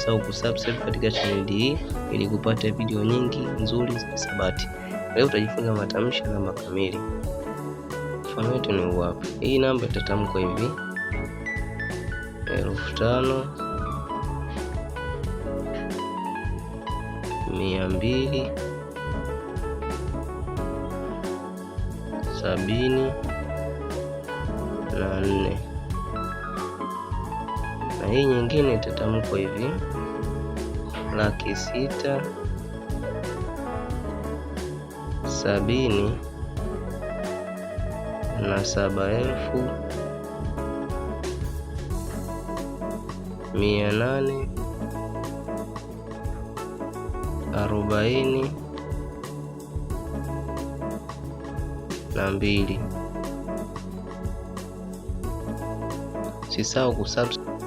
usisahau kusubscribe katika chaneli hii ili kupata video nyingi nzuri za hisabati. Leo utajifunza matamshi ya namba kamili. Mfano wetu ni hapa. Hii namba itatamkwa hivi: elfu tano mia mbili sabini na nne hii nyingine itatamkwa hivi laki sita sabini na saba elfu mia nane arobaini na mbili. Usisahau kusubscribe.